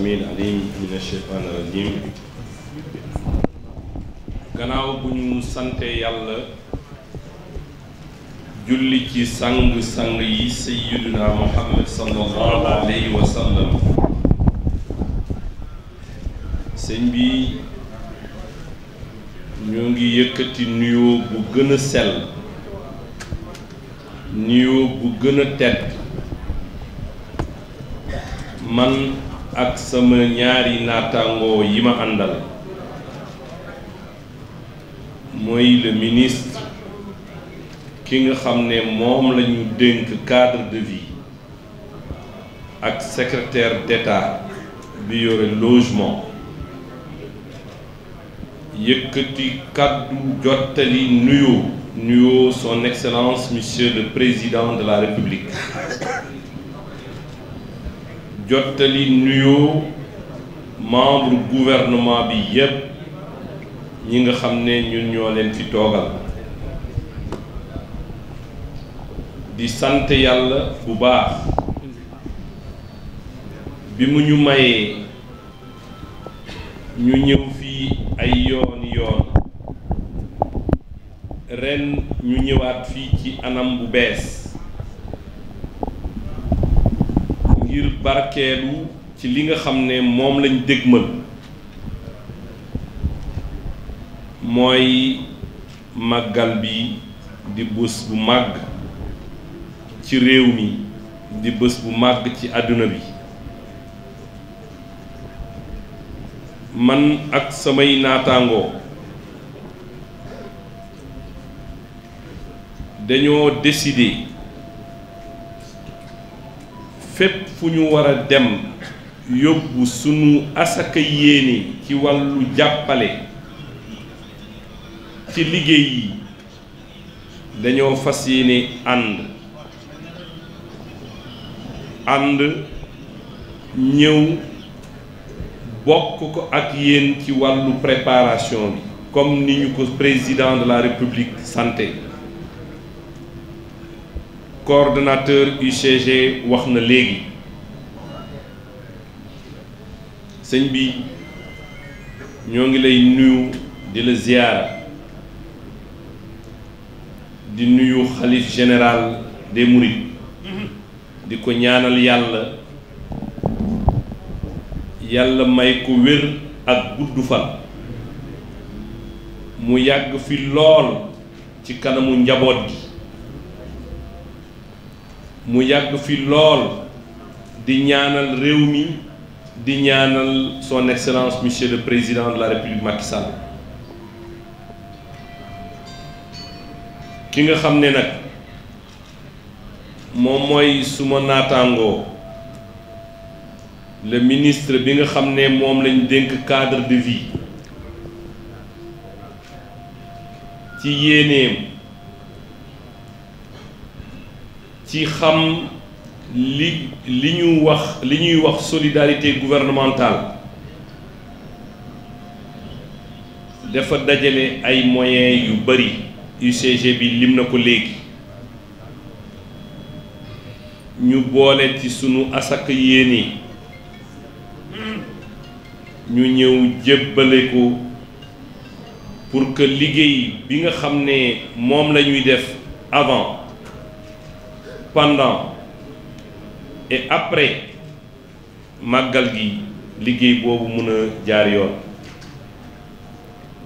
السميع العليم من ñu yàlla julli ci sang-sang yi sayyiduna bi ñoo ngi yëkkati nuyoo bu gën a sell nuyoo bu gën tedd man ak sama ñaari naataangoo yi ma àndal mooy le ministre ki nga xam ne moom lañu ñu dénk cadre de vie ak secretaire d'État bi yore logement yëkkati kàddu jottali nuyoo nuyoo son excellence monsieur le président de la république jottali nuyoo membre gouvernement bi yépp ñi nga xam ne ñun ñoo leen fi toogal di sant yàlla bu baax bi mu ñu mayee ñu ñëw fii ay yoon yoon ren ñu ñëwaat fii ci anam bu bees ngir barkeelu ci li nga xam ne moom lañ dégmal mooy màggal bi di bés bu màgg ci réew mi di bés bu màgg ci àdduna bi man ak samay naataangoo dañoo décider fépp fu ñu war a dem yóbbu sunu asaka yéene ci wàllu jàppale ci liggéey yi dañoo fas yéene ànd ànd ñëw bokk ko ak yéen ci wàllu préparation bi comme ni ñu ko président de la république santé coordonnateur UCG wax na léegi sëñ bi ñoo ngi lay nuyu di la ziyaara di nuyu xalif général des Mourides di ko ñaanal yàlla yàlla may ko wér ak gudd fan mu yàgg fi lool ci kanamu njaboot gi mu yàgg fi lool di ñaanal réew mi di ñaanal son excellence monsieur le président de la république Macky Sall ki nga xam ne nag moom mooy suma naataangoo le ministre bi nga xam ne moom lañ dénk cadre de vie ci yéeneem ci xam li li ñu wax li ñuy wax solidarité gouvernementale dafa dajale ay moyen yu bari UCG bi lim na ko léegi ñu boole ci sunu asak yéene ñu ñëw jébbale ko pour que liggéey bi nga xam ne moom lañuy def avant pendant et après màggal gi liggéey boobu mën a jaar yoon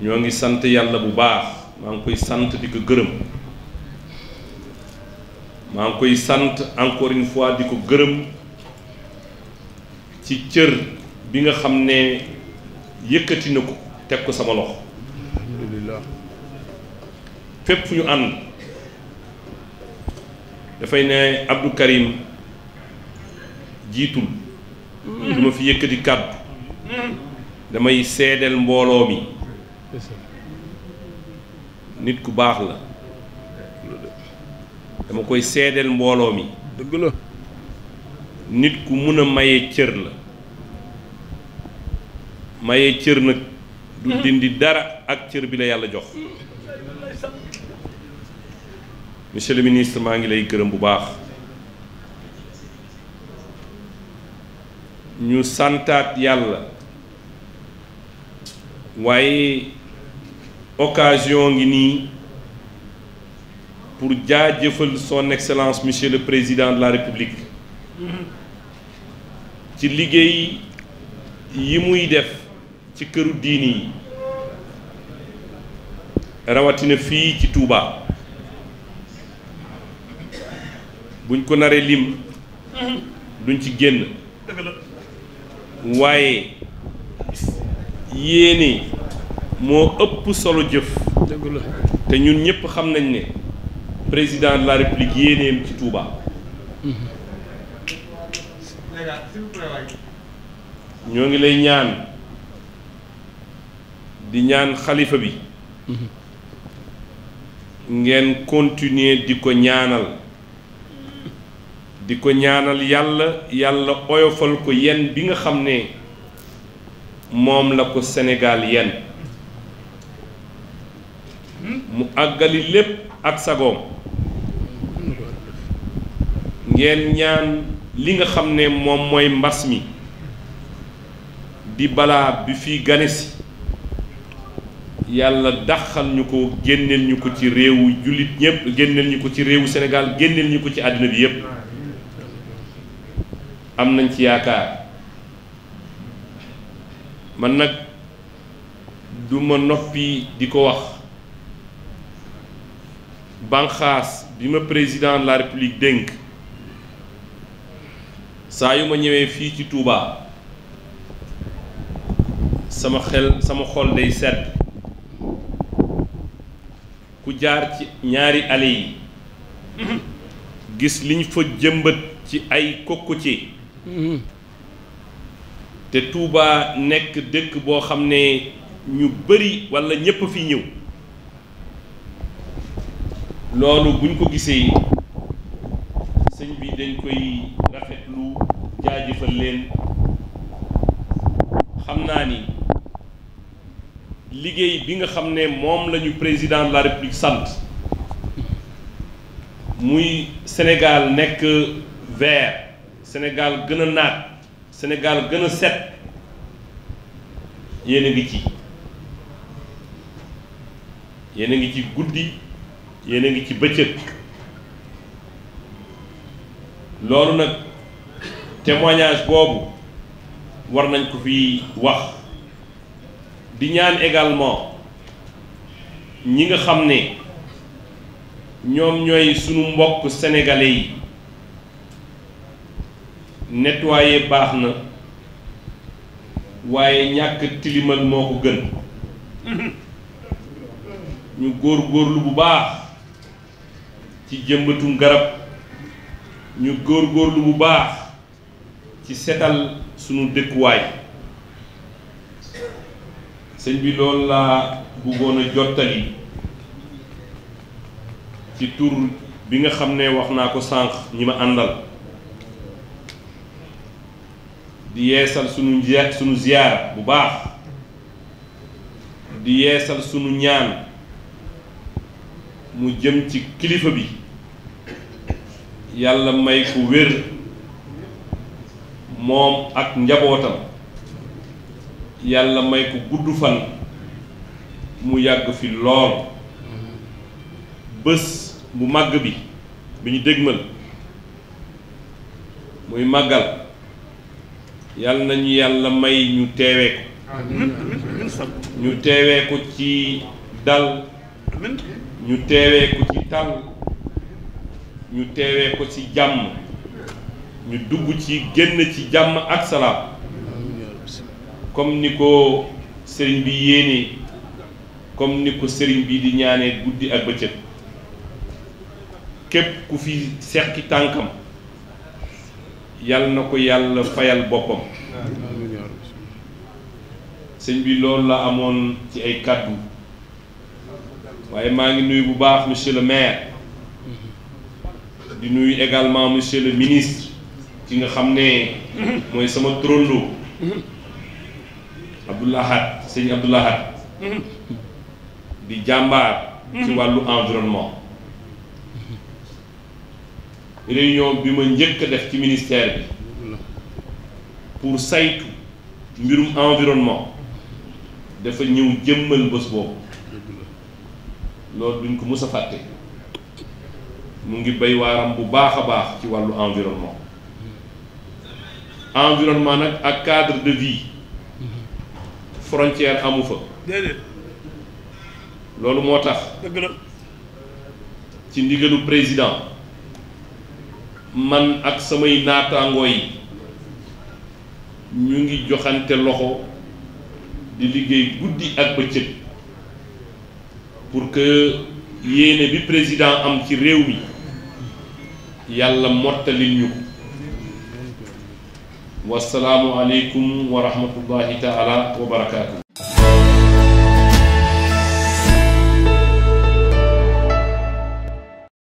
ñoo ngi sant yàlla bu baax maa ngi koy sant di ko gërëm maa ngi koy sant encore une fois di ko gërëm ci cër bi nga xam ne yëkkati na ko teg ko sama loxo fépp fu ñu ànd dafay ne Abdou Karim jiitul mm-hmm. du ma fi yëkkati kàddu damay seedeel mbooloo mi nit ku baax la dama koy seedeel mbooloo mi dëgg nit ku mun a maye cër la maye cër nag du mm-hmm. dindi dara ak cër bi la yàlla jox mm-hmm. monsieur le ministre maa ngi lay gërëm bu baax ñu santaat yàlla waaye occasion ngi nii pour jaa jëfal son excellence monsieur le président de la république ci liggéey yi muy def ci këru diini yi rawatina fii ci Touba. buñ ko naree lim duñ ci génn waaye yéene moo ëpp solo jëf te ñun ñëpp xam nañ ne président de la république yéeneem ci Touba ñoo ngi lay ñaan di ñaan xalifa bi mhm. ngeen continuer di ko ñaanal di ko ñaanal yàlla yàlla oyofal ko yenn bi nga xam ne moom la ko senegaal yenn mu àggali lépp ak sagoom ngeen ñaan li nga xam ne moom mooy mbas mi di balaa bi fiy ganesi yàlla daxal ñu ko génneel ñu ko ci réewu jullit ñépp génneel ñu ko ci réewu Sénégal génneel ñu ko ci àddina bi yépp am nañ ci yaakaar man nag du ma noppi di ko wax banqaas bi ma président la république dénk saa yu ma ñëwee fii ci tuubaa sama xel sama xol day sedd ku jaar ci ñaari allées yi gis liñ fa jëmbat ci ay kokku ci Hmm. te Touba nekk dëkk boo xam ne ñu bari walla ñépp fi ñëw loolu buñ ko gisee sëñ bi dañ koy rafetlu jaajëfal leen xam naa ni liggéey bi nga xam ne moom lañu président de la république sant muy senegal nekk vert Sénégal gën a naat Sénégal gën a set yéen a ngi ci yéen a ngi ci guddi yéen a ngi ci bëccëg loolu nag témoignage boobu war nañ ko fi wax di ñaan également ñi nga xam ne ñoom ñooy sunu mbokk sénégalais yi nettoyer baax na waaye ñàkk tilimal moo ko gën ñu góor góorlu bu baax ci jëmbatum garab ñu góor góorlu bu baax ci setal sunu dëkkuwaay sëñ bi loolu laa bëggoon a jottali ci tur bi nga xam ne wax naa ko sànq ñi ma àndal di yeesal sunu sunu ziyaara bu baax di yeesal sunu ñaan mu jëm ci kilifa bi yàlla may ku wér moom ak njabootam yàlla may ko gudd fan mu yàgg fi lool bés bu màgg bi bi ñu dégmal muy màggal yàlla nañu yàlla may ñu teewee ko ñu teewee ko ci dal ñu teewee ko ci tal ñu teewee ko ci jàmm ñu dugg ci génn ci jàmm ak salaam comme ni ko sëriñ bi yéene comme ni ko sëriñ bi di ñaanee guddi ak bëccëg képp ku fi seqi tànkam yal na ko yàlla fayal boppam sëñ bi loolu la amoon ci ay kàddu waaye maa ngi nuyu bu baax monsieur le maire di nuyu également monsieur le ministre ki nga xam ne mooy sama trondo Abdoulahat sëñ Abdoulahat di jàmbaar ci wàllu environnement réunion bi ma njëkk a def ci ministère bi pour saytu mbirum environnement dafa ñëw jëmmal bés boobu loolu duñ ko mës a fàtte mu ngi bay waaram bu baax a baax ci wàllu environnement environnement nag ak cadre de vie frontière amu fa loolu moo tax ci ndigalu président man ak samay naataangoo yi ñu ngi joxante loxo di liggéey guddi ak bëccëg pour que yéene bi président am ci réew mi yàlla mottalil ñu ko wasalaamu aleykum wa rahmatullahi taala wa barakaatu